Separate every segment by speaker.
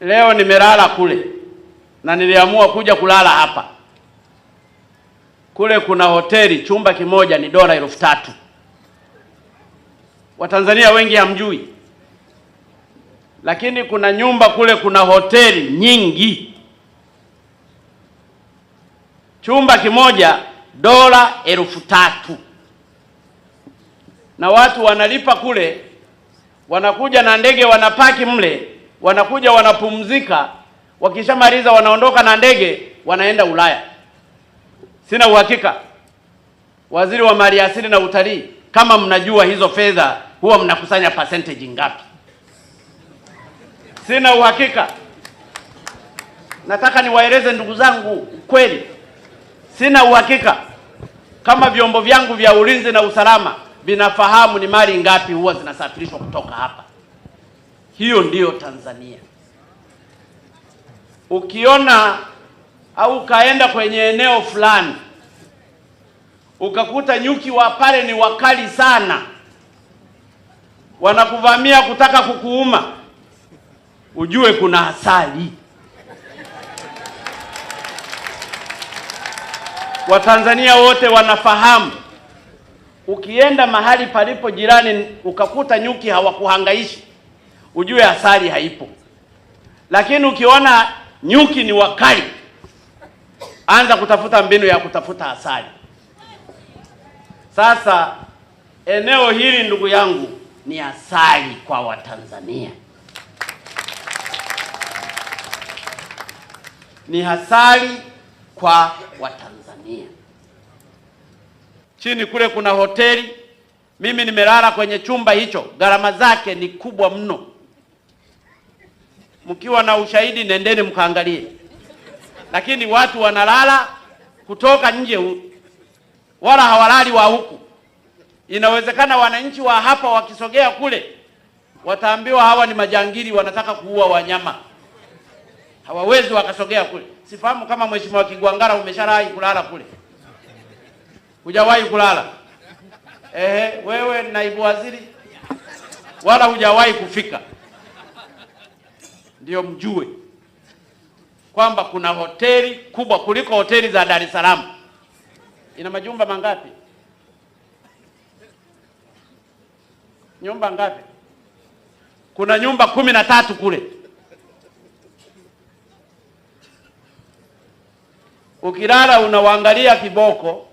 Speaker 1: Leo nimelala kule na niliamua kuja kulala hapa. Kule kuna hoteli chumba kimoja ni dola elfu tatu. Watanzania wengi hamjui, lakini kuna nyumba kule, kuna hoteli nyingi, chumba kimoja dola elfu tatu, na watu wanalipa kule, wanakuja na ndege wanapaki mle wanakuja wanapumzika, wakishamaliza wanaondoka na ndege wanaenda Ulaya. Sina uhakika, waziri wa maliasili na utalii, kama mnajua hizo fedha huwa mnakusanya percentage ngapi? Sina uhakika. Nataka niwaeleze ndugu zangu ukweli, sina uhakika kama vyombo vyangu vya ulinzi na usalama vinafahamu ni mali ngapi huwa zinasafirishwa kutoka hapa. Hiyo ndiyo Tanzania. Ukiona au ukaenda kwenye eneo fulani ukakuta nyuki wa pale ni wakali sana, wanakuvamia kutaka kukuuma, ujue kuna asali. Watanzania wote wanafahamu, ukienda mahali palipo jirani ukakuta nyuki hawakuhangaishi ujue asali haipo. Lakini ukiona nyuki ni wakali, anza kutafuta mbinu ya kutafuta asali. Sasa eneo hili ndugu yangu ni asali kwa Watanzania, ni asali kwa Watanzania. Chini kule kuna hoteli, mimi nimelala kwenye chumba hicho, gharama zake ni kubwa mno mkiwa na ushahidi nendeni mkaangalie, lakini watu wanalala kutoka nje, wala hawalali wa huku. Inawezekana wananchi wa hapa wakisogea kule wataambiwa hawa ni majangili, wanataka kuua wanyama, hawawezi wakasogea kule. Sifahamu kama mheshimiwa Kigwangara umesharai kulala kule, hujawahi kulala ehe, wewe naibu waziri, wala hujawahi kufika ndio mjue kwamba kuna hoteli kubwa kuliko hoteli za Dar es Salaam. Ina majumba mangapi? Nyumba ngapi? Kuna nyumba kumi na tatu kule. Ukilala unawaangalia kiboko,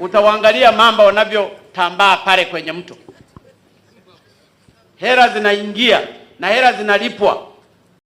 Speaker 1: utawaangalia mamba wanavyotambaa pale kwenye mto. Hela zinaingia na hela zinalipwa.